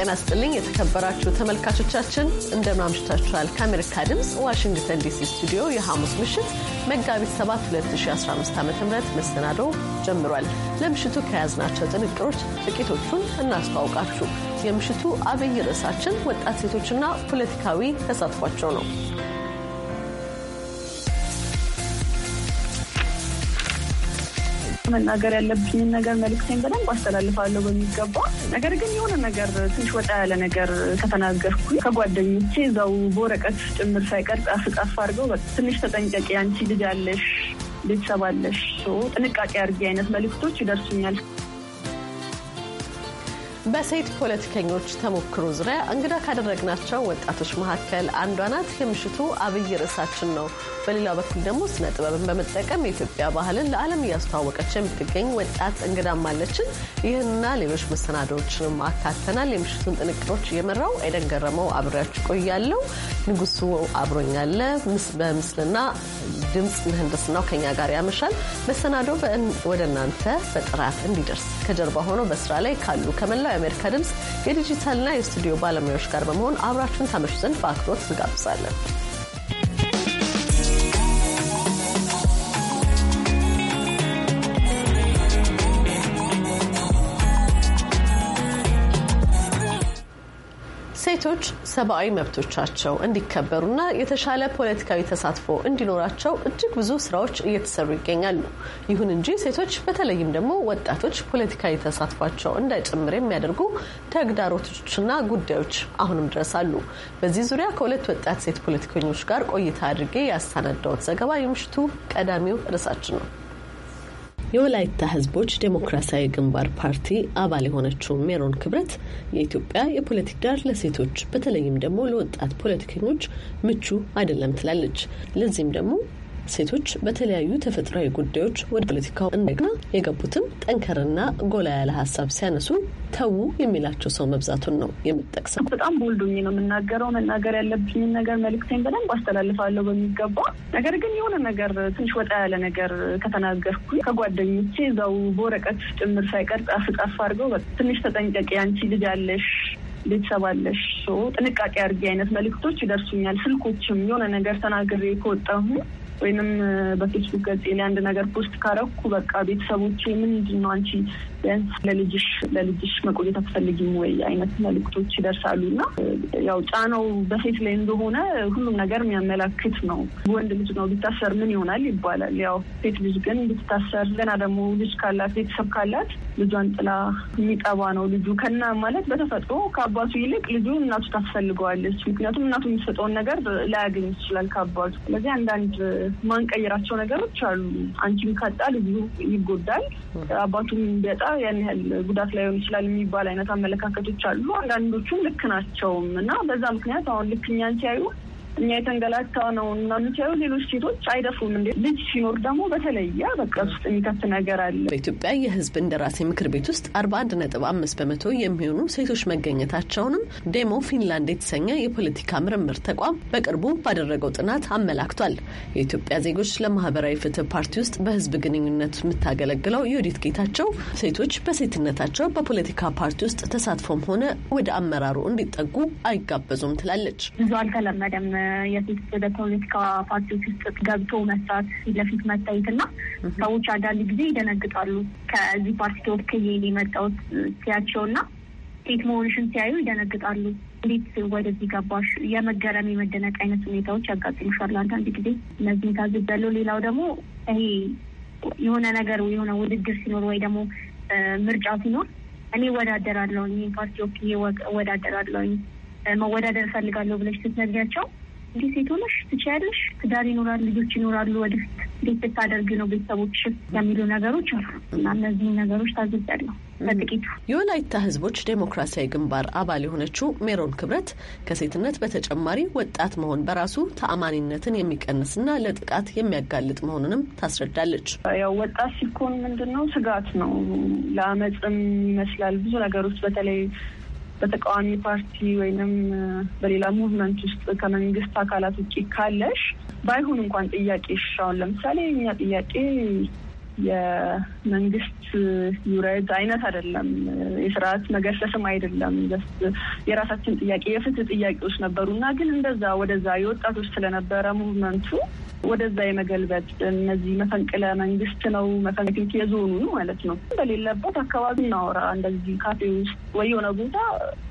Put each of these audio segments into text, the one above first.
ጤና ስጥልኝ የተከበራችሁ ተመልካቾቻችን፣ እንደምን አምሽታችኋል። ከአሜሪካ ድምፅ ዋሽንግተን ዲሲ ስቱዲዮ የሐሙስ ምሽት መጋቢት 7 2015 ዓ ም መሰናዶ ጀምሯል። ለምሽቱ ከያዝናቸው ጥንቅሮች ጥቂቶቹን እናስተዋውቃችሁ። የምሽቱ አብይ ርዕሳችን ወጣት ሴቶችና ፖለቲካዊ ተሳትፏቸው ነው። መናገር ያለብኝን ነገር መልክቴን በደንብ አስተላልፋለሁ በሚገባ። ነገር ግን የሆነ ነገር ትንሽ ወጣ ያለ ነገር ከተናገርኩ ከጓደኞቼ እዛው በወረቀት ጭምር ሳይቀር ጻፍ ጻፍ አድርገው ትንሽ ተጠንቀቂ፣ አንቺ ልጅ አለሽ፣ ቤተሰብ አለሽ፣ ጥንቃቄ አድርጊ አይነት መልክቶች ይደርሱኛል። በሴት ፖለቲከኞች ተሞክሮ ዙሪያ እንግዳ ካደረግናቸው ወጣቶች መካከል አንዷ ናት። የምሽቱ አብይ ርዕሳችን ነው። በሌላ በኩል ደግሞ ስነ ጥበብን በመጠቀም የኢትዮጵያ ባህልን ለዓለም እያስተዋወቀች የምትገኝ ወጣት እንግዳም አለችን። ይህንና ሌሎች መሰናዶዎችንም አካተናል። የምሽቱን ጥንቅሮች እየመራው ኤደን ገረመው አብሬያችሁ ቆያለሁ። ንጉሱ አብሮኛለ። በምስልና ድምፅ ምህንድስናው ከኛ ጋር ያመሻል። መሰናዶ ወደ እናንተ በጥራት እንዲደርስ ከጀርባ ሆኖ በስራ ላይ ካሉ ከመላው የአሜሪካ ድምፅ የዲጂታልና የስቱዲዮ ባለሙያዎች ጋር በመሆን አብራችሁን ታመሹ ዘንድ በአክብሮት እንጋብዛለን። ሴቶች ሰብአዊ መብቶቻቸው እንዲከበሩና የተሻለ ፖለቲካዊ ተሳትፎ እንዲኖራቸው እጅግ ብዙ ስራዎች እየተሰሩ ይገኛሉ። ይሁን እንጂ ሴቶች በተለይም ደግሞ ወጣቶች ፖለቲካዊ ተሳትፏቸው እንዳይጨምር የሚያደርጉ ተግዳሮቶችና ጉዳዮች አሁንም ድረስ አሉ። በዚህ ዙሪያ ከሁለት ወጣት ሴት ፖለቲከኞች ጋር ቆይታ አድርጌ ያሰናዳሁት ዘገባ የምሽቱ ቀዳሚው ርዕሳችን ነው። የወላይታ ህዝቦች ዴሞክራሲያዊ ግንባር ፓርቲ አባል የሆነችው ሜሮን ክብረት የኢትዮጵያ የፖለቲክ ዳር ለሴቶች በተለይም ደግሞ ለወጣት ፖለቲከኞች ምቹ አይደለም ትላለች። ለዚህም ደግሞ ሴቶች በተለያዩ ተፈጥሯዊ ጉዳዮች ወደ ፖለቲካው እንደገና የገቡትም ጠንከርና ጎላ ያለ ሀሳብ ሲያነሱ ተዉ የሚላቸው ሰው መብዛቱን ነው የምጠቅሰው። በጣም ቦልዶኝ ነው የምናገረው። መናገር ያለብኝን ነገር መልዕክቴን በደንብ አስተላልፋለሁ በሚገባ። ነገር ግን የሆነ ነገር ትንሽ ወጣ ያለ ነገር ከተናገርኩ ከጓደኞቼ እዛው በወረቀት ጭምር ሳይቀር ጻፍ ጻፍ አድርገው ትንሽ ተጠንቀቂ፣ አንቺ ልጅ አለሽ ቤተሰብ አለሽ፣ ጥንቃቄ አድርጊ አይነት መልእክቶች ይደርሱኛል። ስልኮችም የሆነ ነገር ተናግሬ ከወጣሁ ወይንም በፌስቡክ ገጽ ላይ አንድ ነገር ፖስት ካረኩ በቃ ቤተሰቦቼ ምንድን ነው አንቺ ቢያንስ ለልጅሽ ለልጅሽ መቆየት አትፈልጊም ወይ አይነት መልእክቶች ይደርሳሉ እና ያው ጫናው በሴት ላይ እንደሆነ ሁሉም ነገር የሚያመላክት ነው። ወንድ ልጅ ነው ቢታሰር ምን ይሆናል ይባላል። ያው ሴት ልጅ ግን ብትታሰር ገና ደግሞ ልጅ ካላት ቤተሰብ ካላት ልጇን ጥላ የሚጠባ ነው ልጁ ከና ማለት በተፈጥሮ ከአባቱ ይልቅ ልጁ እናቱ ታስፈልገዋለች። ምክንያቱም እናቱ የሚሰጠውን ነገር ላያገኝ ይችላል ከአባቱ ስለዚህ አንዳንድ ማንቀይራቸው ነገሮች አሉ። አንቺም ካጣ ልጁ ይጎዳል፣ አባቱም ቢያጣ ያን ያህል ጉዳት ላይሆን ይችላል የሚባል አይነት አመለካከቶች አሉ። አንዳንዶቹም ልክ ናቸውም እና በዛ ምክንያት አሁን ልክ እኛን ሲያዩ እኛ የተንገላታ ነው እና የምታየው ሌሎች ሴቶች አይደፉም እንዴ? ልጅ ሲኖር ደግሞ በተለየ በቃ ውስጥ የሚከት ነገር አለ። በኢትዮጵያ የህዝብ እንደራሴ ምክር ቤት ውስጥ አርባ አንድ ነጥብ አምስት በመቶ የሚሆኑ ሴቶች መገኘታቸውንም ዴሞ ፊንላንድ የተሰኘ የፖለቲካ ምርምር ተቋም በቅርቡ ባደረገው ጥናት አመላክቷል። የኢትዮጵያ ዜጎች ለማህበራዊ ፍትህ ፓርቲ ውስጥ በህዝብ ግንኙነት የምታገለግለው የወዲት ጌታቸው ሴቶች በሴትነታቸው በፖለቲካ ፓርቲ ውስጥ ተሳትፎም ሆነ ወደ አመራሩ እንዲጠጉ አይጋበዙም ትላለች። ብዙ አልተለመደም የሴት ወደ ፖለቲካ ፓርቲዎች ውስጥ ገብቶ መስራት ፊት ለፊት መታየት እና ሰዎች አንዳንድ ጊዜ ይደነግጣሉ። ከዚህ ፓርቲ ተወክዬ የመጣሁት ሲያቸው እና ሴት መሆንሽን ሲያዩ ይደነግጣሉ። እንዴት ወደዚህ ገባሽ? የመገረም የመደነቅ አይነት ሁኔታዎች ያጋጥሙሻል አንዳንድ ጊዜ። እነዚህን ታዝቤያለሁ። ሌላው ደግሞ ይሄ የሆነ ነገር የሆነ ውድድር ሲኖር ወይ ደግሞ ምርጫ ሲኖር እኔ እወዳደራለሁ፣ ይህን ፓርቲ ወክዬ እወዳደራለሁ፣ መወዳደር እፈልጋለሁ ብለሽ ስትነግሪያቸው እንዲህ ሴት ሆነሽ ትችያለሽ፣ ትዳር ይኖራል፣ ልጆች ይኖራሉ፣ ወደ ቤት ብታደርግ ነው ቤተሰቦች የሚሉ ነገሮች አሉ እና እነዚህ ነገሮች ታዘብያለሁ። በጥቂቱ የወላይታ ሕዝቦች ዴሞክራሲያዊ ግንባር አባል የሆነችው ሜሮን ክብረት ከሴትነት በተጨማሪ ወጣት መሆን በራሱ ተአማኒነትን የሚቀንስና ለጥቃት የሚያጋልጥ መሆኑንም ታስረዳለች። ያው ወጣት ሲኮን ምንድን ነው ስጋት ነው፣ ለአመፅም ይመስላል ብዙ ነገሮች በተለይ በተቃዋሚ ፓርቲ ወይንም በሌላ ሙቭመንት ውስጥ ከመንግስት አካላት ውጭ ካለሽ ባይሆን እንኳን ጥያቄ ይሻውን ለምሳሌ እኛ ጥያቄ የመንግስት ዩረድ አይነት አይደለም፣ የስርዓት መገርሰስም አይደለም። የራሳችን ጥያቄ የፍትህ ጥያቄዎች ነበሩ እና ግን እንደዛ ወደዛ የወጣቶች ስለነበረ ሙቭመንቱ ወደዛ የመገልበጥ እነዚህ መፈንቅለ መንግስት ነው መፈንቅ የዞኑ ማለት ነው። በሌለበት አካባቢ እናወራ እንደዚህ ካፌ ውስጥ ወይ የሆነ ቦታ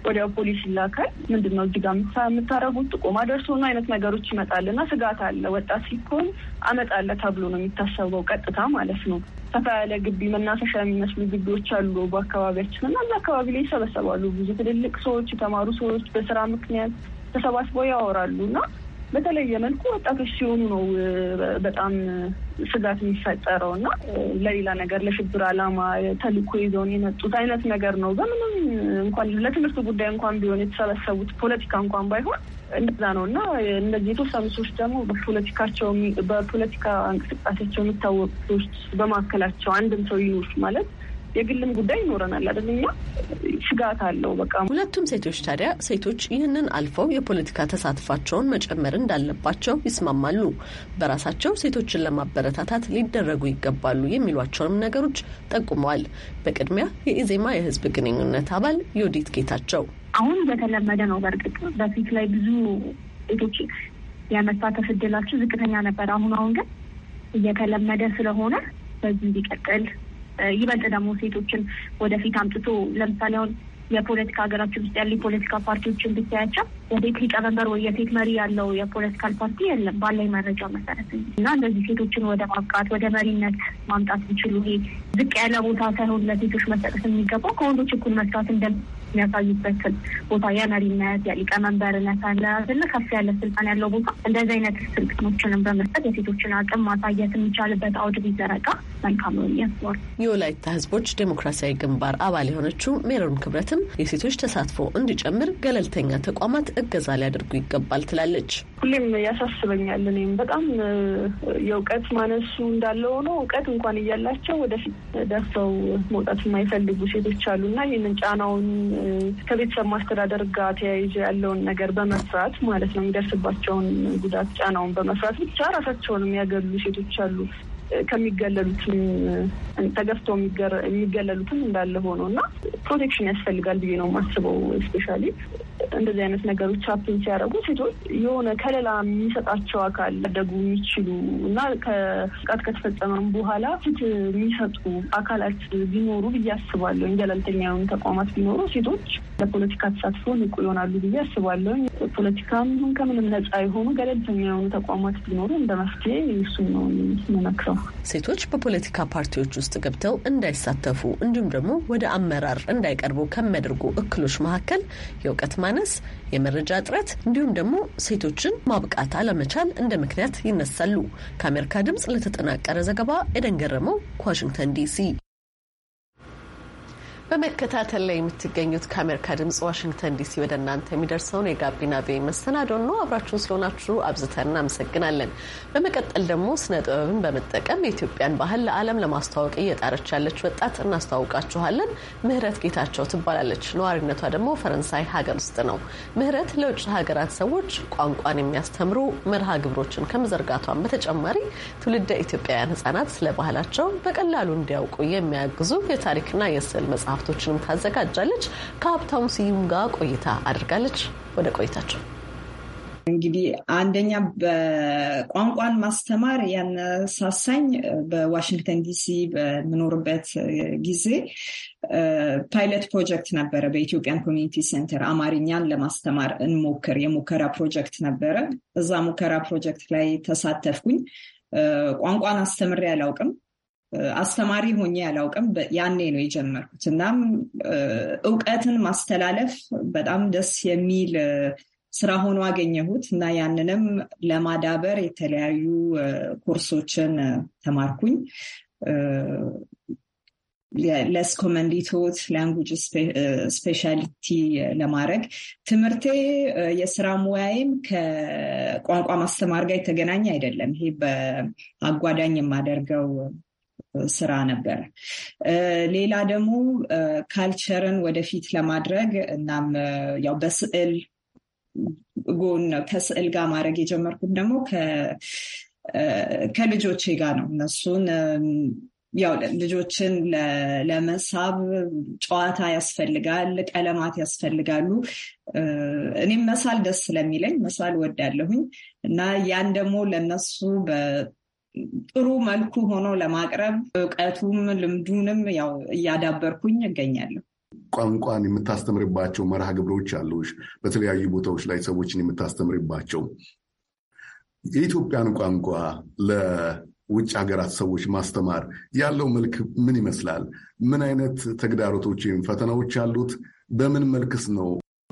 ወዲያው ፖሊስ ይላካል። ምንድን ነው እዚህ ጋር የምታረጉት ጥቆማ ደርሶና አይነት ነገሮች ይመጣል እና ስጋት አለ። ወጣት ሲኮን አመጣለ ተብሎ ነው የሚታሰበው ቀጥታ ማለት ነው። ሰፋ ያለ ግቢ መናፈሻ የሚመስሉ ግቢዎች አሉ በአካባቢያችን እና እዛ አካባቢ ላይ ይሰበሰባሉ ብዙ ትልልቅ ሰዎች፣ የተማሩ ሰዎች በስራ ምክንያት ተሰባስበው ያወራሉ እና በተለየ መልኩ ወጣቶች ሲሆኑ ነው በጣም ስጋት የሚፈጠረው እና ለሌላ ነገር ለሽብር አላማ ተልእኮ ይዘውን የመጡት አይነት ነገር ነው። በምንም እንኳን ለትምህርት ጉዳይ እንኳን ቢሆን የተሰበሰቡት ፖለቲካ እንኳን ባይሆን እንደዛ ነው እና እንደዚህ የተወሰኑ ሰዎች ደግሞ በፖለቲካቸው በፖለቲካ እንቅስቃሴቸው የሚታወቁ ሰዎች በመካከላቸው አንድም ሰው ይኖር ማለት የግልም ጉዳይ ይኖረናል አይደል? እኛ ስጋት አለው በቃ። ሁለቱም ሴቶች ታዲያ ሴቶች ይህንን አልፈው የፖለቲካ ተሳትፋቸውን መጨመር እንዳለባቸው ይስማማሉ። በራሳቸው ሴቶችን ለማበረታታት ሊደረጉ ይገባሉ የሚሏቸውንም ነገሮች ጠቁመዋል። በቅድሚያ የኢዜማ የህዝብ ግንኙነት አባል ዮዲት ጌታቸው አሁን በተለመደ ነው። በእርግጥ በፊት ላይ ብዙ ሴቶች የመሳተፍ እድላቸው ዝቅተኛ ነበር። አሁን አሁን ግን እየተለመደ ስለሆነ በዚህ ሊቀጥል ይበልጥ ደግሞ ሴቶችን ወደፊት አምጥቶ ለምሳሌ አሁን የፖለቲካ ሀገራችን ውስጥ ያሉ የፖለቲካ ፓርቲዎችን ብታያቸው የሴት ሊቀመንበር ወይ የሴት መሪ ያለው የፖለቲካል ፓርቲ የለም። ባላይ መረጃ መሰረት እና እንደዚህ ሴቶችን ወደ ማብቃት ወደ መሪነት ማምጣት ቢችሉ ይሄ ዝቅ ያለ ቦታ ሳይሆን ለሴቶች መሰጠት የሚገባው ከወንዶች እኩል መስራት እንደ የሚያሳዩበት ቦታ የመሪነት የሊቀመንበርነት አለ አይደለ ከፍ ያለ ስልጣን ያለው ቦታ እንደዚህ አይነት ስልጣኖችንም በመስጠት የሴቶችን አቅም ማሳየት የሚቻልበት አውድ ቢዘረጋ መልካም ነው ያስባል። የወላይታ ህዝቦች ዴሞክራሲያዊ ግንባር አባል የሆነችው ሜሮን ክብረትም የሴቶች ተሳትፎ እንዲጨምር ገለልተኛ ተቋማት እገዛ ሊያደርጉ ይገባል ትላለች። ሁሌም ያሳስበኛል። እኔም በጣም የእውቀት ማነሱ እንዳለ ሆኖ እውቀት እንኳን እያላቸው ወደፊት ደፍረው መውጣት የማይፈልጉ ሴቶች እና ይህንን ጫናውን ከቤተሰብ ማስተዳደር ጋር ተያይዞ ያለውን ነገር በመፍራት ማለት ነው የሚደርስባቸውን ጉዳት ጫናውን በመፍራት ብቻ ራሳቸውን የሚያገሉ ሴቶች አሉ። ከሚገለሉትም ተገፍተው የሚገለሉትም እንዳለ ሆኖ እና ፕሮቴክሽን ያስፈልጋል ብዬ ነው የማስበው። ስፔሻሊ እንደዚህ አይነት ነገሮች ሀፕን ሲያደርጉ ሴቶች የሆነ ከሌላ የሚሰጣቸው አካል ሊያደጉ የሚችሉ እና ከጥቃት ከተፈጸመም በኋላ ፊት የሚሰጡ አካላት ቢኖሩ ብዬ አስባለሁ። ገለልተኛ የሆኑ ተቋማት ቢኖሩ ሴቶች ለፖለቲካ ተሳትፎ ንቁ ይሆናሉ ብዬ አስባለሁ። ፖለቲካም ይሁን ከምንም ነጻ የሆኑ ገለልተኛ የሆኑ ተቋማት ቢኖሩ እንደ መፍትሄ እሱን ነው የምመክረው። ሴቶች በፖለቲካ ፓርቲዎች ውስጥ ገብተው እንዳይሳተፉ እንዲሁም ደግሞ ወደ አመራር እንዳይቀርቡ ከሚያደርጉ እክሎች መካከል የእውቀት ማነስ፣ የመረጃ እጥረት እንዲሁም ደግሞ ሴቶችን ማብቃት አለመቻል እንደ ምክንያት ይነሳሉ። ከአሜሪካ ድምፅ ለተጠናቀረ ዘገባ ኤደን ገረመው ከዋሽንግተን ዲሲ በመከታተል ላይ የምትገኙት ከአሜሪካ ድምጽ ዋሽንግተን ዲሲ ወደ እናንተ የሚደርሰውን የጋቢና ቤ መሰናዶን ነው። አብራችሁን ስለሆናችሁ አብዝተን እናመሰግናለን። በመቀጠል ደግሞ ስነ ጥበብን በመጠቀም የኢትዮጵያን ባህል ለዓለም ለማስተዋወቅ እየጣረች ያለች ወጣት እናስተዋውቃችኋለን። ምህረት ጌታቸው ትባላለች። ነዋሪነቷ ደግሞ ፈረንሳይ ሀገር ውስጥ ነው። ምህረት ለውጭ ሀገራት ሰዎች ቋንቋን የሚያስተምሩ መርሃ ግብሮችን ከመዘርጋቷን በተጨማሪ ትውልደ ኢትዮጵያውያን ህጻናት ስለ ባህላቸው በቀላሉ እንዲያውቁ የሚያግዙ የታሪክና የስዕል መጽሐፍ መጽሐፍቶችንም ታዘጋጃለች። ከሀብታሙ ስዩም ጋር ቆይታ አድርጋለች። ወደ ቆይታቸው እንግዲህ አንደኛ በቋንቋን ማስተማር ያነሳሳኝ በዋሽንግተን ዲሲ በምኖርበት ጊዜ ፓይለት ፕሮጀክት ነበረ። በኢትዮጵያን ኮሚኒቲ ሴንተር አማርኛን ለማስተማር እንሞክር የሙከራ ፕሮጀክት ነበረ። እዛ ሙከራ ፕሮጀክት ላይ ተሳተፍኩኝ። ቋንቋን አስተምሬ አላውቅም። አስተማሪ ሆኜ አላውቅም። ያኔ ነው የጀመርኩት። እናም እውቀትን ማስተላለፍ በጣም ደስ የሚል ስራ ሆኖ አገኘሁት እና ያንንም ለማዳበር የተለያዩ ኮርሶችን ተማርኩኝ። ለስኮመንዲቶት ላንጉጅ ስፔሻሊቲ ለማድረግ ትምህርቴ የስራ ሙያዬም ከቋንቋ ማስተማር ጋር የተገናኘ አይደለም። ይሄ በአጓዳኝ የማደርገው ስራ ነበረ። ሌላ ደግሞ ካልቸርን ወደፊት ለማድረግ እናም ያው በስዕል ጎን ከስዕል ጋር ማድረግ የጀመርኩት ደግሞ ከልጆቼ ጋር ነው። እነሱን ያው ልጆችን ለመሳብ ጨዋታ ያስፈልጋል፣ ቀለማት ያስፈልጋሉ። እኔም መሳል ደስ ስለሚለኝ መሳል ወዳለሁኝ እና ያን ደግሞ ለነሱ ጥሩ መልኩ ሆኖ ለማቅረብ እውቀቱም ልምዱንም ያው እያዳበርኩኝ እገኛለሁ። ቋንቋን የምታስተምርባቸው መርሃ ግብሮች አሉሽ። በተለያዩ ቦታዎች ላይ ሰዎችን የምታስተምርባቸው የኢትዮጵያን ቋንቋ ለውጭ ሀገራት ሰዎች ማስተማር ያለው መልክ ምን ይመስላል? ምን አይነት ተግዳሮቶች ወይም ፈተናዎች አሉት? በምን መልክስ ነው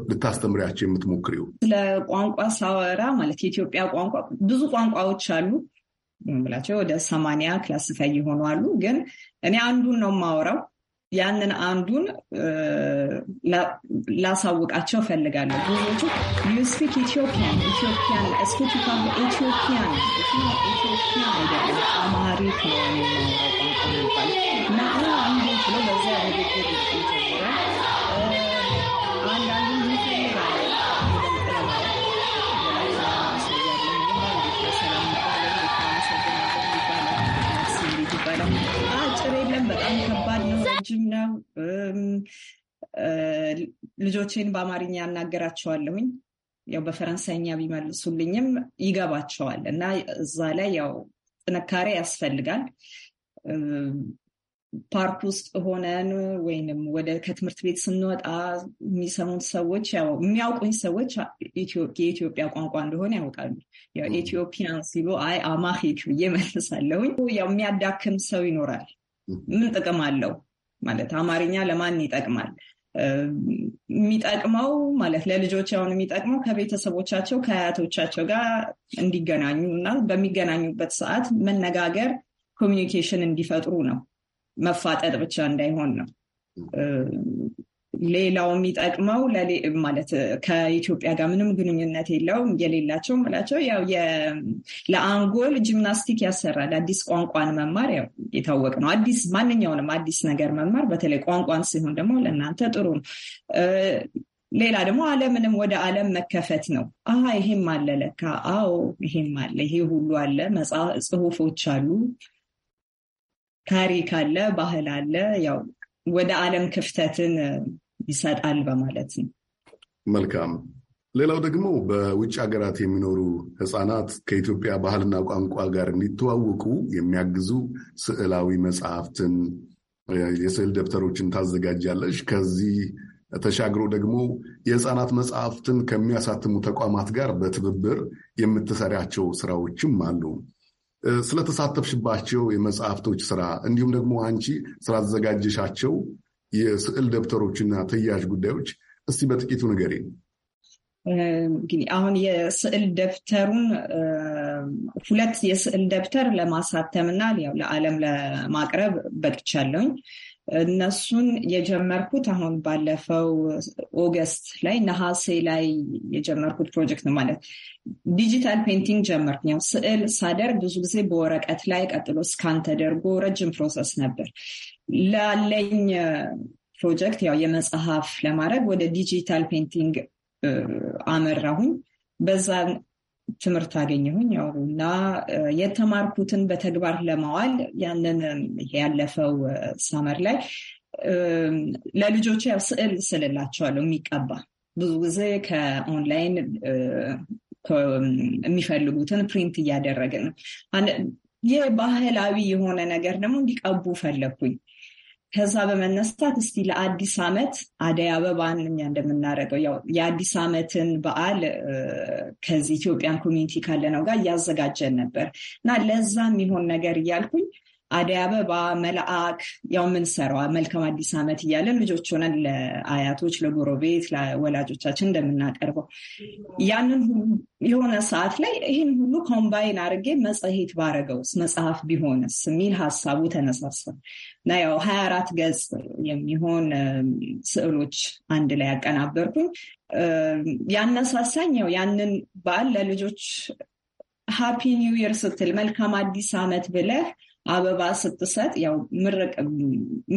ልታስተምሪያቸው የምትሞክሪው? ስለ ቋንቋ ሳወራ ማለት የኢትዮጵያ ቋንቋ ብዙ ቋንቋዎች አሉ። ብላቸው ወደ ሰማንያ ክላስፋይ የሆኑ አሉ። ግን እኔ አንዱን ነው የማወራው። ያንን አንዱን ላሳውቃቸው ፈልጋለሁ። ብዙዎቹ ዩ ስፒክ ኢትዮጵያን ኢትዮጵያን ስፒክ ኢትዮጵያን አማሪክ ነው የሚባል እና አንዱ ብሎ በዚያ ንግግር ወላጅም ነው። ልጆቼን በአማርኛ ያናገራቸዋለሁኝ። ያው በፈረንሳይኛ ቢመልሱልኝም ይገባቸዋል እና እዛ ላይ ያው ጥንካሬ ያስፈልጋል። ፓርክ ውስጥ ሆነን ወይንም ወደ ከትምህርት ቤት ስንወጣ የሚሰሙን ሰዎች ያው የሚያውቁኝ ሰዎች የኢትዮጵያ ቋንቋ እንደሆነ ያውቃሉ። ኢትዮፒያን ሲሉ አይ አማሂክ ብዬ መልሳለሁኝ። ያው የሚያዳክም ሰው ይኖራል። ምን ጥቅም አለው? ማለት አማርኛ ለማን ይጠቅማል? የሚጠቅመው ማለት ለልጆች አሁን የሚጠቅመው ከቤተሰቦቻቸው ከአያቶቻቸው ጋር እንዲገናኙ እና በሚገናኙበት ሰዓት መነጋገር ኮሚኒኬሽን እንዲፈጥሩ ነው። መፋጠጥ ብቻ እንዳይሆን ነው። ሌላው የሚጠቅመው ማለት ከኢትዮጵያ ጋር ምንም ግንኙነት የለው የሌላቸው ላቸው ያው ለአንጎል ጂምናስቲክ ያሰራል። አዲስ ቋንቋን መማር ያው ነው። አዲስ ማንኛውንም አዲስ ነገር መማር በተለይ ቋንቋን ሲሆን ደግሞ ለእናንተ ጥሩ ነው። ሌላ ደግሞ ዓለምንም ወደ ዓለም መከፈት ነው። አሀ ይሄም አለ ለካ፣ አዎ ይሄም አለ፣ ይሄ ሁሉ አለ፣ ጽሁፎች አሉ፣ ታሪክ አለ፣ ባህል አለ። ያው ወደ ዓለም ክፍተትን ይሰጣል በማለት ነው። መልካም። ሌላው ደግሞ በውጭ ሀገራት የሚኖሩ ህፃናት ከኢትዮጵያ ባህልና ቋንቋ ጋር እንዲተዋወቁ የሚያግዙ ስዕላዊ መጽሐፍትን፣ የስዕል ደብተሮችን ታዘጋጃለች። ከዚህ ተሻግሮ ደግሞ የህፃናት መጽሐፍትን ከሚያሳትሙ ተቋማት ጋር በትብብር የምትሰሪያቸው ስራዎችም አሉ። ስለተሳተፍሽባቸው የመጽሐፍቶች ስራ እንዲሁም ደግሞ አንቺ ስላዘጋጀሻቸው የስዕል ደብተሮችና ተያያዥ ጉዳዮች እስቲ በጥቂቱ ንገሪን። እንግዲህ አሁን የስዕል ደብተሩን ሁለት የስዕል ደብተር ለማሳተም እና ለዓለም ለማቅረብ በቅቻለሁኝ። እነሱን የጀመርኩት አሁን ባለፈው ኦገስት ላይ ነሐሴ ላይ የጀመርኩት ፕሮጀክት ነው። ማለት ዲጂታል ፔንቲንግ ጀመርኩ። ያው ስዕል ሳደርግ ብዙ ጊዜ በወረቀት ላይ ቀጥሎ ስካን ተደርጎ ረጅም ፕሮሰስ ነበር። ላለኝ ፕሮጀክት ያው የመጽሐፍ ለማድረግ ወደ ዲጂታል ፔንቲንግ አመራሁኝ። በዛ ትምህርት አገኘሁኝ ያው እና የተማርኩትን በተግባር ለማዋል ያንን ያለፈው ሳመር ላይ ለልጆች ያው ስዕል ስልላቸዋለሁ የሚቀባ ብዙ ጊዜ ከኦንላይን የሚፈልጉትን ፕሪንት እያደረግን ነው። ይህ ባህላዊ የሆነ ነገር ደግሞ እንዲቀቡ ፈለግኩኝ። ከዛ በመነሳት እስቲ ለአዲስ ዓመት አደይ አበባን እኛ እንደምናደርገው የአዲስ ዓመትን በዓል ከዚህ ኢትዮጵያን ኮሚኒቲ ካለነው ጋር እያዘጋጀን ነበር እና ለዛ የሚሆን ነገር እያልኩኝ አደይ አበባ መልአክ ያው የምንሰራዋ መልካም አዲስ ዓመት እያለን ልጆች ሆነን ለአያቶች፣ ለጎረቤት፣ ለወላጆቻችን እንደምናቀርበው ያንን የሆነ ሰዓት ላይ ይህን ሁሉ ኮምባይን አድርጌ መጽሔት ባረገውስ መጽሐፍ ቢሆንስ የሚል ሀሳቡ ተነሳሳል እና ያው ሀያ አራት ገጽ የሚሆን ስዕሎች አንድ ላይ ያቀናበርኩኝ ያነሳሳኝ ያው ያንን በዓል ለልጆች ሃፒ ኒው ይር ስትል መልካም አዲስ ዓመት ብለህ አበባ ስትሰጥ ያው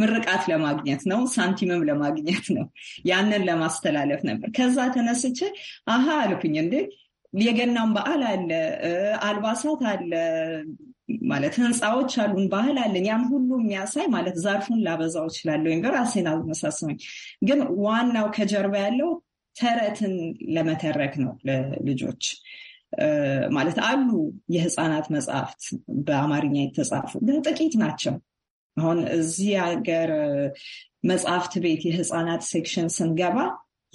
ምርቃት ለማግኘት ነው፣ ሳንቲምም ለማግኘት ነው። ያንን ለማስተላለፍ ነበር። ከዛ ተነስቼ አሀ አልኩኝ እንዴ የገናም በዓል አለ፣ አልባሳት አለ ማለት ህንፃዎች አሉን፣ ባህል አለን። ያን ሁሉ የሚያሳይ ማለት ዛርፉን ላበዛው እችላለሁ ወይም ራሴን አልመሳሰኝ፣ ግን ዋናው ከጀርባ ያለው ተረትን ለመተረክ ነው ለልጆች ማለት አሉ የህፃናት መጽሐፍት በአማርኛ የተጻፉ ጥቂት ናቸው። አሁን እዚህ ሀገር መጽሐፍት ቤት የህፃናት ሴክሽን ስንገባ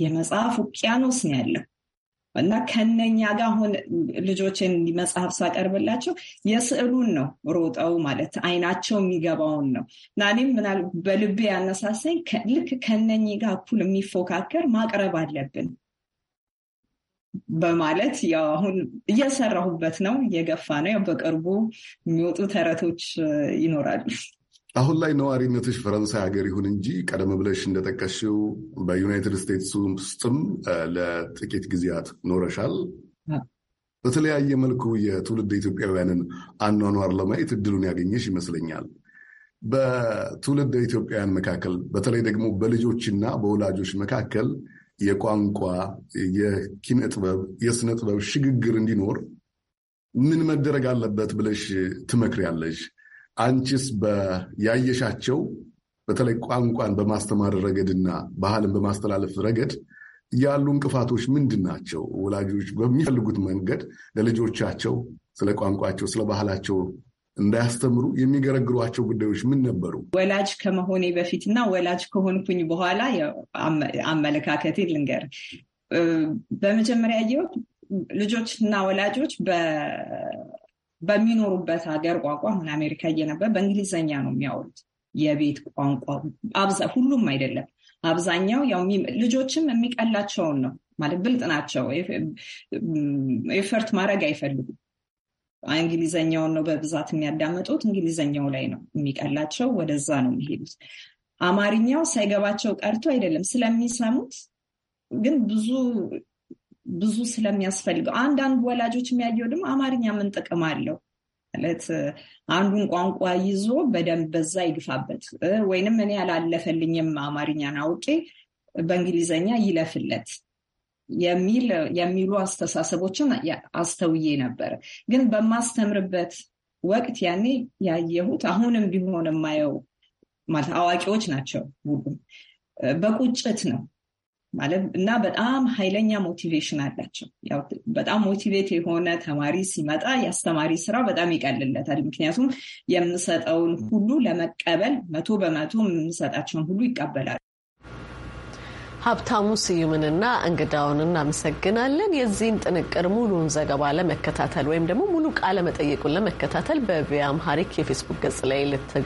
የመጽሐፍ ውቅያኖስ ነው ያለው እና ከነኛ ጋር አሁን ልጆችን መጽሐፍ ሳቀርብላቸው የስዕሉን ነው ሮጠው ማለት አይናቸው የሚገባውን ነው እና እኔም ምናል በልቤ ያነሳሳኝ ልክ ከነኚህ ጋር እኩል የሚፎካከር ማቅረብ አለብን በማለት ያው አሁን እየሰራሁበት ነው። እየገፋ ነው። ያው በቅርቡ የሚወጡ ተረቶች ይኖራሉ። አሁን ላይ ነዋሪነትሽ ፈረንሳይ ሀገር ይሁን እንጂ ቀደም ብለሽ እንደጠቀሽው በዩናይትድ ስቴትስ ውስጥም ለጥቂት ጊዜያት ኖረሻል። በተለያየ መልኩ የትውልድ ኢትዮጵያውያንን አኗኗር ለማየት እድሉን ያገኘሽ ይመስለኛል። በትውልድ ኢትዮጵያውያን መካከል በተለይ ደግሞ በልጆችና በወላጆች መካከል የቋንቋ፣ የኪነ ጥበብ፣ የስነ ጥበብ ሽግግር እንዲኖር ምን መደረግ አለበት ብለሽ ትመክሪያለሽ? አንቺስ ያየሻቸው በተለይ ቋንቋን በማስተማር ረገድና ባህልን በማስተላለፍ ረገድ ያሉ እንቅፋቶች ምንድን ናቸው? ወላጆች በሚፈልጉት መንገድ ለልጆቻቸው ስለ ቋንቋቸው፣ ስለ ባህላቸው እንዳያስተምሩ የሚገረግሯቸው ጉዳዮች ምን ነበሩ? ወላጅ ከመሆኔ በፊትና ወላጅ ከሆንኩኝ በኋላ አመለካከቴ ልንገር። በመጀመሪያ ያየሁት ልጆች እና ወላጆች በሚኖሩበት ሀገር ቋንቋ አሁን አሜሪካ እየነበር በእንግሊዝኛ ነው የሚያወሩት። የቤት ቋንቋ ሁሉም አይደለም። አብዛኛው ልጆችም የሚቀላቸውን ነው ማለት ብልጥ ናቸው። ኤፈርት ማድረግ አይፈልጉም። እንግሊዘኛውን ነው በብዛት የሚያዳምጡት። እንግሊዘኛው ላይ ነው የሚቀላቸው፣ ወደዛ ነው የሚሄዱት። አማርኛው ሳይገባቸው ቀርቶ አይደለም ስለሚሰሙት፣ ግን ብዙ ብዙ ስለሚያስፈልገው አንዳንድ ወላጆች የሚያየው ደግሞ አማርኛ ምን ጥቅም አለው ማለት አንዱን ቋንቋ ይዞ በደንብ በዛ ይግፋበት፣ ወይንም እኔ ያላለፈልኝም አማርኛን አውቄ በእንግሊዘኛ ይለፍለት የሚል የሚሉ አስተሳሰቦችን አስተውዬ ነበር። ግን በማስተምርበት ወቅት ያኔ ያየሁት አሁንም ቢሆን የማየው ማለት አዋቂዎች ናቸው ሁሉም በቁጭት ነው ማለት እና በጣም ኃይለኛ ሞቲቬሽን አላቸው። በጣም ሞቲቬት የሆነ ተማሪ ሲመጣ የአስተማሪ ስራ በጣም ይቀልለታል። ምክንያቱም የምሰጠውን ሁሉ ለመቀበል መቶ በመቶ የምሰጣቸውን ሁሉ ይቀበላሉ። ሀብታሙ ስዩምንና እንግዳውን እናመሰግናለን። የዚህን ጥንቅር ሙሉን ዘገባ ለመከታተል ወይም ደግሞ ሙሉ ቃለ መጠየቁን ለመከታተል በቪኦኤ አምሃሪክ የፌስቡክ ገጽ ላይ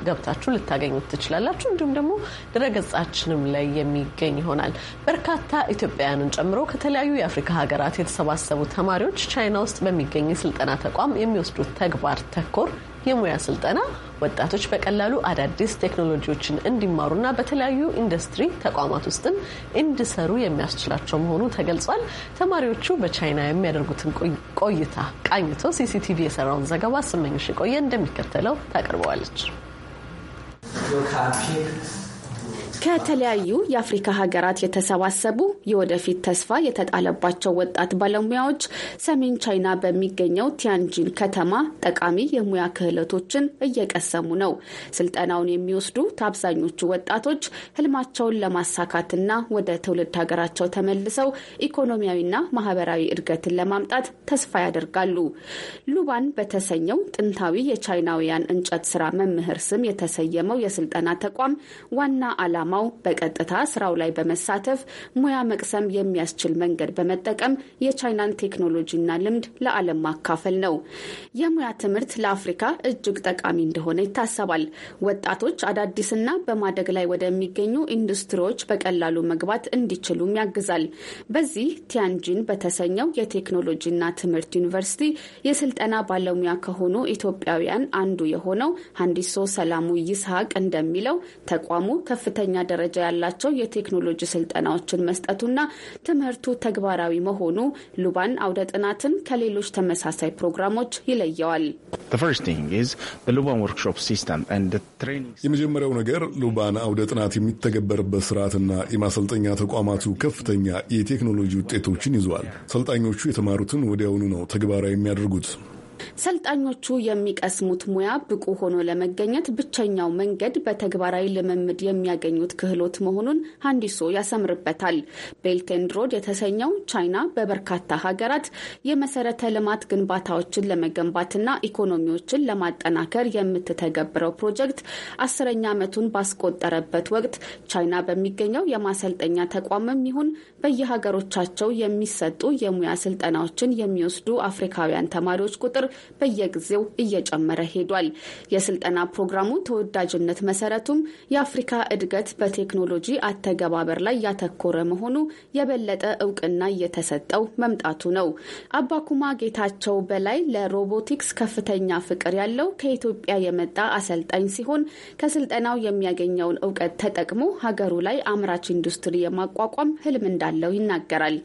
ገብታችሁ ልታገኙ ትችላላችሁ። እንዲሁም ደግሞ ድረገጻችንም ላይ የሚገኝ ይሆናል። በርካታ ኢትዮጵያውያንን ጨምሮ ከተለያዩ የአፍሪካ ሀገራት የተሰባሰቡ ተማሪዎች ቻይና ውስጥ በሚገኝ የስልጠና ተቋም የሚወስዱት ተግባር ተኮር የሙያ ስልጠና ወጣቶች በቀላሉ አዳዲስ ቴክኖሎጂዎችን እንዲማሩና በተለያዩ ኢንዱስትሪ ተቋማት ውስጥም እንዲሰሩ የሚያስችላቸው መሆኑ ተገልጿል። ተማሪዎቹ በቻይና የሚያደርጉትን ቆይታ ቃኝቶ ሲሲቲቪ የሰራውን ዘገባ ስመኝሽ ቆየ እንደሚከተለው ታቀርበዋለች። ከተለያዩ የአፍሪካ ሀገራት የተሰባሰቡ የወደፊት ተስፋ የተጣለባቸው ወጣት ባለሙያዎች ሰሜን ቻይና በሚገኘው ቲያንጂን ከተማ ጠቃሚ የሙያ ክህሎቶችን እየቀሰሙ ነው። ስልጠናውን የሚወስዱት አብዛኞቹ ወጣቶች ህልማቸውን ለማሳካትና ወደ ትውልድ ሀገራቸው ተመልሰው ኢኮኖሚያዊና ማህበራዊ እድገትን ለማምጣት ተስፋ ያደርጋሉ። ሉባን በተሰኘው ጥንታዊ የቻይናውያን እንጨት ስራ መምህር ስም የተሰየመው የስልጠና ተቋም ዋና ዓላማ ዓላማው በቀጥታ ስራው ላይ በመሳተፍ ሙያ መቅሰም የሚያስችል መንገድ በመጠቀም የቻይናን ቴክኖሎጂና ልምድ ለዓለም ማካፈል ነው። የሙያ ትምህርት ለአፍሪካ እጅግ ጠቃሚ እንደሆነ ይታሰባል። ወጣቶች አዳዲስና በማደግ ላይ ወደሚገኙ ኢንዱስትሪዎች በቀላሉ መግባት እንዲችሉም ያግዛል። በዚህ ቲያንጂን በተሰኘው የቴክኖሎጂና ትምህርት ዩኒቨርሲቲ የስልጠና ባለሙያ ከሆኑ ኢትዮጵያውያን አንዱ የሆነው ሀንዲሶ ሰላሙ ይስሐቅ እንደሚለው ተቋሙ ከፍተኛ ከፍተኛ ደረጃ ያላቸው የቴክኖሎጂ ስልጠናዎችን መስጠቱና ትምህርቱ ተግባራዊ መሆኑ ሉባን አውደ ጥናትን ከሌሎች ተመሳሳይ ፕሮግራሞች ይለየዋል። የመጀመሪያው ነገር ሉባን አውደ ጥናት የሚተገበርበት ስርዓትና የማሰልጠኛ ተቋማቱ ከፍተኛ የቴክኖሎጂ ውጤቶችን ይዘዋል። ሰልጣኞቹ የተማሩትን ወዲያውኑ ነው ተግባራዊ የሚያደርጉት። ሰልጣኞቹ የሚቀስሙት ሙያ ብቁ ሆኖ ለመገኘት ብቸኛው መንገድ በተግባራዊ ልምምድ የሚያገኙት ክህሎት መሆኑን ሀንዲሶ ያሰምርበታል። ቤልት ሮድ የተሰኘው ቻይና በበርካታ ሀገራት የመሰረተ ልማት ግንባታዎችን ለመገንባትና ኢኮኖሚዎችን ለማጠናከር የምትተገብረው ፕሮጀክት አስረኛ ዓመቱን ባስቆጠረበት ወቅት ቻይና በሚገኘው የማሰልጠኛ ተቋምም ይሁን በየሀገሮቻቸው የሚሰጡ የሙያ ስልጠናዎችን የሚወስዱ አፍሪካውያን ተማሪዎች ቁጥር በየጊዜው እየጨመረ ሄዷል። የስልጠና ፕሮግራሙ ተወዳጅነት መሰረቱም የአፍሪካ እድገት በቴክኖሎጂ አተገባበር ላይ ያተኮረ መሆኑ የበለጠ እውቅና እየተሰጠው መምጣቱ ነው። አባኩማ ጌታቸው በላይ ለሮቦቲክስ ከፍተኛ ፍቅር ያለው ከኢትዮጵያ የመጣ አሰልጣኝ ሲሆን ከስልጠናው የሚያገኘውን እውቀት ተጠቅሞ ሀገሩ ላይ አምራች ኢንዱስትሪ የማቋቋም ህልም እንዳለው ይናገራል።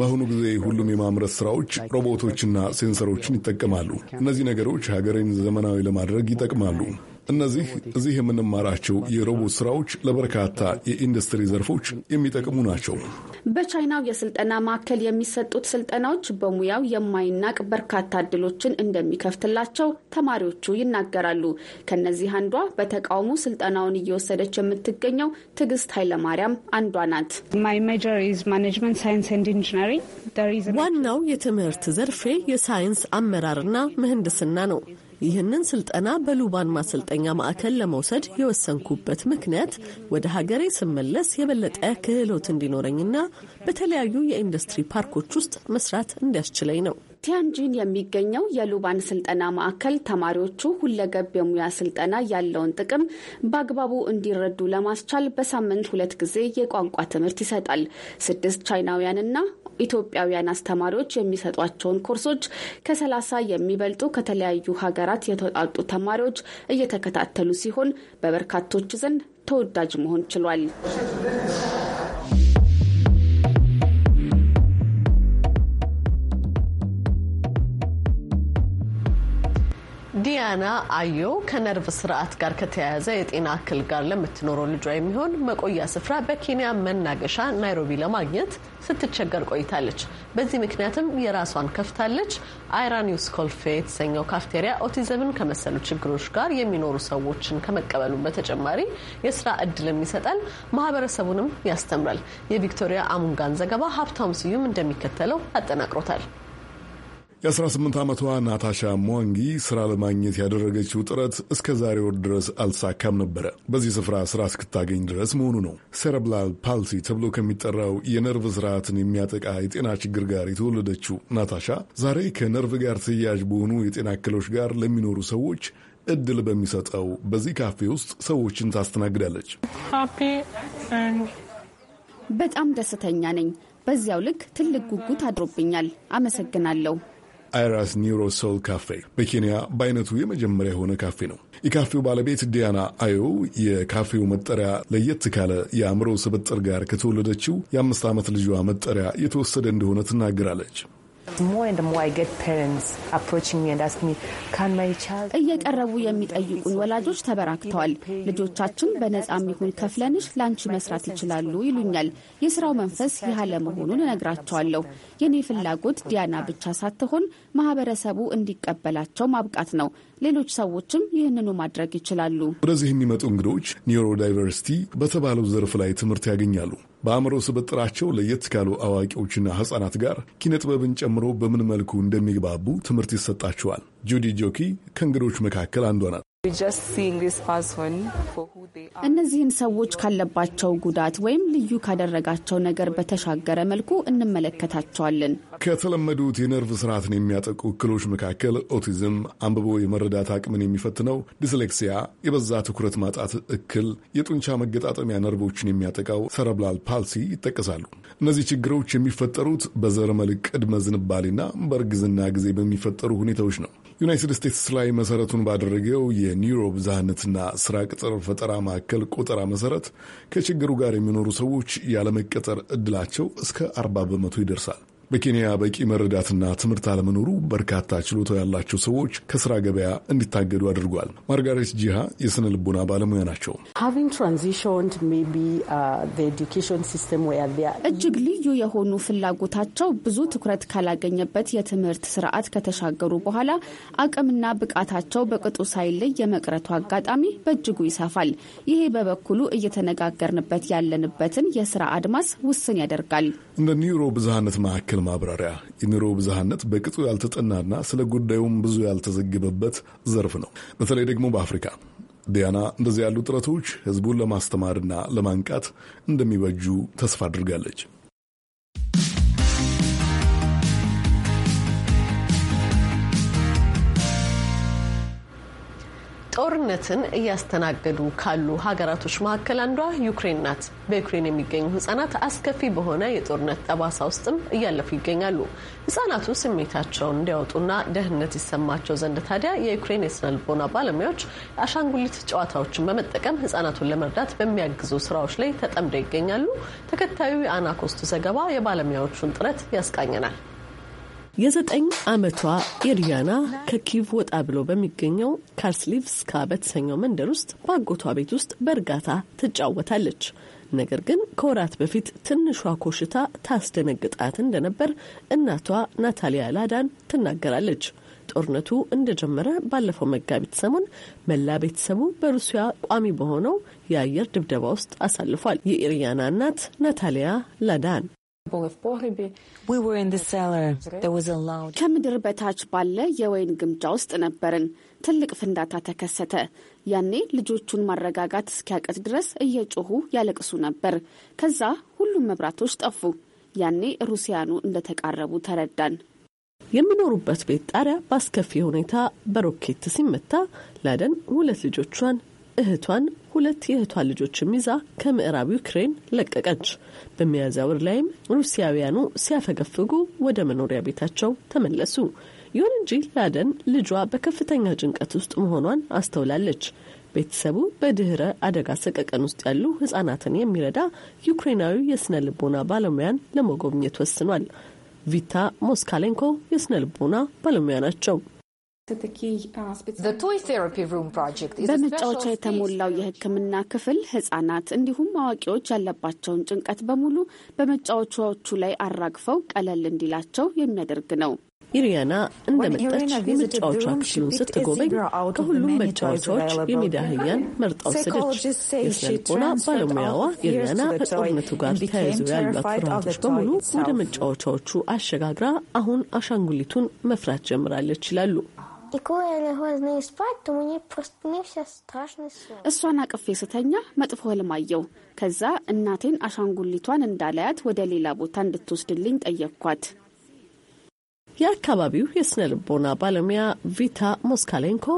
በአሁኑ ጊዜ ሁሉም የማምረት ስራዎች ፋብሪካዎች ሮቦቶችና ሴንሰሮችን ይጠቀማሉ። እነዚህ ነገሮች ሀገርን ዘመናዊ ለማድረግ ይጠቅማሉ። እነዚህ እዚህ የምንማራቸው የሮቦት ስራዎች ለበርካታ የኢንዱስትሪ ዘርፎች የሚጠቅሙ ናቸው። በቻይናው የስልጠና ማዕከል የሚሰጡት ስልጠናዎች በሙያው የማይናቅ በርካታ እድሎችን እንደሚከፍትላቸው ተማሪዎቹ ይናገራሉ። ከነዚህ አንዷ በተቃውሞ ስልጠናውን እየወሰደች የምትገኘው ትዕግስት ኃይለማርያም አንዷ ናት። ዋናው የትምህርት ዘርፌ የሳይንስ አመራርና ምህንድስና ነው። ይህንን ስልጠና በሉባን ማሰልጠኛ ማዕከል ለመውሰድ የወሰንኩበት ምክንያት ወደ ሀገሬ ስመለስ የበለጠ ክህሎት እንዲኖረኝና በተለያዩ የኢንዱስትሪ ፓርኮች ውስጥ መስራት እንዲያስችለኝ ነው። ቲያንጂን የሚገኘው የሉባን ስልጠና ማዕከል ተማሪዎቹ ሁለገብ የሙያ ስልጠና ያለውን ጥቅም በአግባቡ እንዲረዱ ለማስቻል በሳምንት ሁለት ጊዜ የቋንቋ ትምህርት ይሰጣል። ስድስት ቻይናውያንና ኢትዮጵያውያን አስተማሪዎች የሚሰጧቸውን ኮርሶች ከሰላሳ የሚበልጡ ከተለያዩ ሀገራት የተውጣጡ ተማሪዎች እየተከታተሉ ሲሆን በበርካቶች ዘንድ ተወዳጅ መሆን ችሏል። ዲያና አዮ ከነርቭ ስርዓት ጋር ከተያያዘ የጤና እክል ጋር ለምትኖረው ልጇ የሚሆን መቆያ ስፍራ በኬንያ መናገሻ ናይሮቢ ለማግኘት ስትቸገር ቆይታለች። በዚህ ምክንያትም የራሷን ከፍታለች። አይራኒውስ ኮልፌ የተሰኘው ካፍቴሪያ ኦቲዝምን ከመሰሉ ችግሮች ጋር የሚኖሩ ሰዎችን ከመቀበሉ በተጨማሪ የስራ እድልም ይሰጣል፣ ማህበረሰቡንም ያስተምራል። የቪክቶሪያ አሙንጋን ዘገባ ሀብታም ስዩም እንደሚከተለው አጠናቅሮታል። የ18 ዓመቷ ናታሻ ሟንጊ ስራ ለማግኘት ያደረገችው ጥረት እስከ ዛሬ ወር ድረስ አልተሳካም ነበረ። በዚህ ስፍራ ስራ እስክታገኝ ድረስ መሆኑ ነው። ሴረብላል ፓልሲ ተብሎ ከሚጠራው የነርቭ ስርዓትን የሚያጠቃ የጤና ችግር ጋር የተወለደችው ናታሻ ዛሬ ከነርቭ ጋር ተያያዥ በሆኑ የጤና እክሎች ጋር ለሚኖሩ ሰዎች እድል በሚሰጠው በዚህ ካፌ ውስጥ ሰዎችን ታስተናግዳለች። በጣም ደስተኛ ነኝ። በዚያው ልክ ትልቅ ጉጉት አድሮብኛል። አመሰግናለሁ። አይራስ ኒውሮ ሶል ካፌ በኬንያ በአይነቱ የመጀመሪያ የሆነ ካፌ ነው። የካፌው ባለቤት ዲያና አዮ የካፌው መጠሪያ ለየት ካለ የአእምሮ ስብጥር ጋር ከተወለደችው የአምስት ዓመት ልጇ መጠሪያ የተወሰደ እንደሆነ ትናገራለች። እየቀረቡ የሚጠይቁን ወላጆች ተበራክተዋል። ልጆቻችን በነጻም ይሁን ከፍለንሽ ለአንቺ መስራት ይችላሉ ይሉኛል። የስራው መንፈስ ይህ አለመሆኑን እነግራቸዋለሁ። የኔ ፍላጎት ዲያና ብቻ ሳትሆን ማህበረሰቡ እንዲቀበላቸው ማብቃት ነው። ሌሎች ሰዎችም ይህንኑ ማድረግ ይችላሉ። ወደዚህ የሚመጡ እንግዶች ኒውሮ ዳይቨርሲቲ በተባለው ዘርፍ ላይ ትምህርት ያገኛሉ። በአእምሮ ስብጥራቸው ለየት ካሉ አዋቂዎችና ሕጻናት ጋር ጥበብን ጨምሮ በምን መልኩ እንደሚግባቡ ትምህርት ይሰጣቸዋል። ጁዲ ጆኪ ከእንግዶች መካከል አንዷ ናት። እነዚህን ሰዎች ካለባቸው ጉዳት ወይም ልዩ ካደረጋቸው ነገር በተሻገረ መልኩ እንመለከታቸዋለን። ከተለመዱት የነርቭ ስርዓትን የሚያጠቁ እክሎች መካከል ኦቲዝም፣ አንብቦ የመረዳት አቅምን የሚፈትነው ዲስሌክሲያ፣ የበዛ ትኩረት ማጣት እክል፣ የጡንቻ መገጣጠሚያ ነርቮችን የሚያጠቃው ሰረብላል ፓልሲ ይጠቀሳሉ። እነዚህ ችግሮች የሚፈጠሩት በዘረመል ቅድመ ዝንባሌና በእርግዝና ጊዜ በሚፈጠሩ ሁኔታዎች ነው። ዩናይትድ ስቴትስ ላይ መሰረቱን ባደረገው የኒውሮ ብዝሃነትና ስራ ቅጥር ፈጠራ ማዕከል ቆጠራ መሰረት ከችግሩ ጋር የሚኖሩ ሰዎች ያለመቀጠር እድላቸው እስከ አርባ በመቶ ይደርሳል። በኬንያ በቂ መረዳትና ትምህርት አለመኖሩ በርካታ ችሎታ ያላቸው ሰዎች ከስራ ገበያ እንዲታገዱ አድርጓል። ማርጋሬት ጂሃ የስነ ልቦና ባለሙያ ናቸው። uh, እጅግ ልዩ የሆኑ ፍላጎታቸው ብዙ ትኩረት ካላገኘበት የትምህርት ስርዓት ከተሻገሩ በኋላ አቅምና ብቃታቸው በቅጡ ሳይለይ የመቅረቱ አጋጣሚ በእጅጉ ይሰፋል። ይሄ በበኩሉ እየተነጋገርንበት ያለንበትን የስራ አድማስ ውስን ያደርጋል። እንደ ኒውሮ ብዝሃነት ማዕከል ማብራሪያ የኑሮ ብዝሃነት በቅጡ ያልተጠናና ስለ ጉዳዩም ብዙ ያልተዘገበበት ዘርፍ ነው፣ በተለይ ደግሞ በአፍሪካ። ዲያና እንደዚህ ያሉ ጥረቶች ህዝቡን ለማስተማርና ለማንቃት እንደሚበጁ ተስፋ አድርጋለች። ጦርነትን እያስተናገዱ ካሉ ሀገራቶች መካከል አንዷ ዩክሬን ናት። በዩክሬን የሚገኙ ህጻናት አስከፊ በሆነ የጦርነት ጠባሳ ውስጥም እያለፉ ይገኛሉ። ህጻናቱ ስሜታቸውን እንዲያወጡና ደህንነት ይሰማቸው ዘንድ ታዲያ የዩክሬን የስነልቦና ባለሙያዎች አሻንጉሊት ጨዋታዎችን በመጠቀም ህጻናቱን ለመርዳት በሚያግዙ ስራዎች ላይ ተጠምደው ይገኛሉ። ተከታዩ የአናኮስቱ ዘገባ የባለሙያዎቹን ጥረት ያስቃኘናል። የዘጠኝ ዓመቷ ኢሪያና ከኪቭ ወጣ ብሎ በሚገኘው ካርስሊቭስካ በተሰኘው መንደር ውስጥ በአጎቷ ቤት ውስጥ በእርጋታ ትጫወታለች። ነገር ግን ከወራት በፊት ትንሿ ኮሽታ ታስደነግጣት እንደነበር እናቷ ናታሊያ ላዳን ትናገራለች። ጦርነቱ እንደጀመረ ባለፈው መጋቢት ሰሞን መላ ቤተሰቡ በሩሲያ ቋሚ በሆነው የአየር ድብደባ ውስጥ አሳልፏል። የኢሪያና እናት ናታሊያ ላዳን ከምድር በታች ባለ የወይን ግምጃ ውስጥ ነበርን። ትልቅ ፍንዳታ ተከሰተ። ያኔ ልጆቹን ማረጋጋት እስኪያቀት ድረስ እየጮሁ ያለቅሱ ነበር። ከዛ ሁሉም መብራቶች ጠፉ። ያኔ ሩሲያኑ እንደተቃረቡ ተረዳን። የሚኖሩበት ቤት ጣሪያ በአስከፊ ሁኔታ በሮኬት ሲመታ ላደን ሁለት ልጆቿን እህቷን ሁለት የእህቷ ልጆችም ይዛ ከምዕራብ ዩክሬን ለቀቀች። በሚያዝያ ወር ላይም ሩሲያውያኑ ሲያፈገፍጉ ወደ መኖሪያ ቤታቸው ተመለሱ። ይሁን እንጂ ላደን ልጇ በከፍተኛ ጭንቀት ውስጥ መሆኗን አስተውላለች። ቤተሰቡ በድህረ አደጋ ሰቀቀን ውስጥ ያሉ ህጻናትን የሚረዳ ዩክሬናዊ የስነ ልቦና ባለሙያን ለመጎብኘት ወስኗል። ቪታ ሞስካሌንኮ የስነ ልቦና ባለሙያ ናቸው። በመጫወቻ የተሞላው የሕክምና ክፍል ህጻናት እንዲሁም አዋቂዎች ያለባቸውን ጭንቀት በሙሉ በመጫወቻዎቹ ላይ አራግፈው ቀለል እንዲላቸው የሚያደርግ ነው። ኢሪያና እንደመጣች የመጫወቻ ክፍሉን ስትጎበኝ ከሁሉም መጫወቻዎች የሜዳ አህያን መርጣ ወሰደች። የስነልቦና ባለሙያዋ ኢሪያና ከጦርነቱ ጋር ተያይዘው ያሏት ፍርሃቶች በሙሉ ወደ መጫወቻዎቹ አሸጋግራ አሁን አሻንጉሊቱን መፍራት ጀምራለች ይላሉ። І коли እሷን አቅፌ ስተኛ መጥፎ ህልም ከዛ እናቴን አሻንጉሊቷን እንዳላያት ወደ ሌላ ቦታ እንድትወስድልኝ ጠየቅኳት። የአካባቢው የስነ ልቦና ባለሙያ ቪታ ሞስካሌንኮ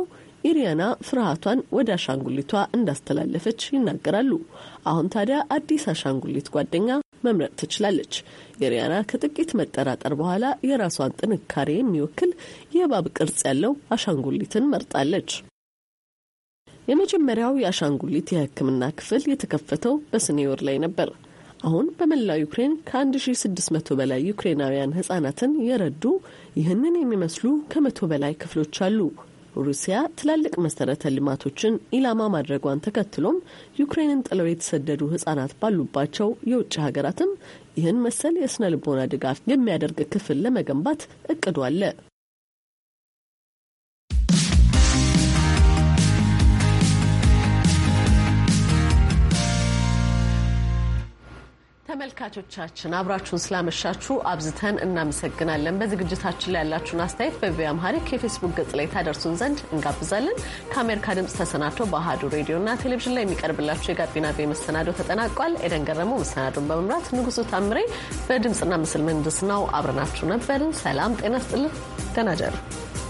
ኢሪያና ፍርሃቷን ወደ አሻንጉሊቷ እንዳስተላለፈች ይናገራሉ። አሁን ታዲያ አዲስ አሻንጉሊት ጓደኛ መምረጥ ትችላለች። የሪያና ከጥቂት መጠራጠር በኋላ የራሷን ጥንካሬ የሚወክል የእባብ ቅርጽ ያለው አሻንጉሊትን መርጣለች። የመጀመሪያው የአሻንጉሊት የሕክምና ክፍል የተከፈተው በሰኔ ወር ላይ ነበር። አሁን በመላው ዩክሬን ከ1600 በላይ ዩክሬናውያን ህጻናትን የረዱ ይህንን የሚመስሉ ከመቶ በላይ ክፍሎች አሉ። ሩሲያ ትላልቅ መሰረተ ልማቶችን ኢላማ ማድረጓን ተከትሎም ዩክሬንን ጥለው የተሰደዱ ህጻናት ባሉባቸው የውጭ ሀገራትም ይህን መሰል የስነ ልቦና ድጋፍ የሚያደርግ ክፍል ለመገንባት እቅዱ አለ። ተመልካቾቻችን አብራችሁን ስላመሻችሁ አብዝተን እናመሰግናለን። በዝግጅታችን ላይ ያላችሁን አስተያየት በቪኦኤ አምሃሪክ የፌስቡክ ገጽ ላይ ታደርሱን ዘንድ እንጋብዛለን። ከአሜሪካ ድምፅ ተሰናድቶ በአህዱ ሬዲዮና ቴሌቪዥን ላይ የሚቀርብላችሁ የጋቢና ቤ መሰናዶ ተጠናቋል። ኤደን ገረመው መሰናዶን በመምራት ንጉሱ ታምሬ በድምፅና ምስል ምህንድስናው አብረናችሁ ነበርን። ሰላም ጤና ስጥልን። ደህና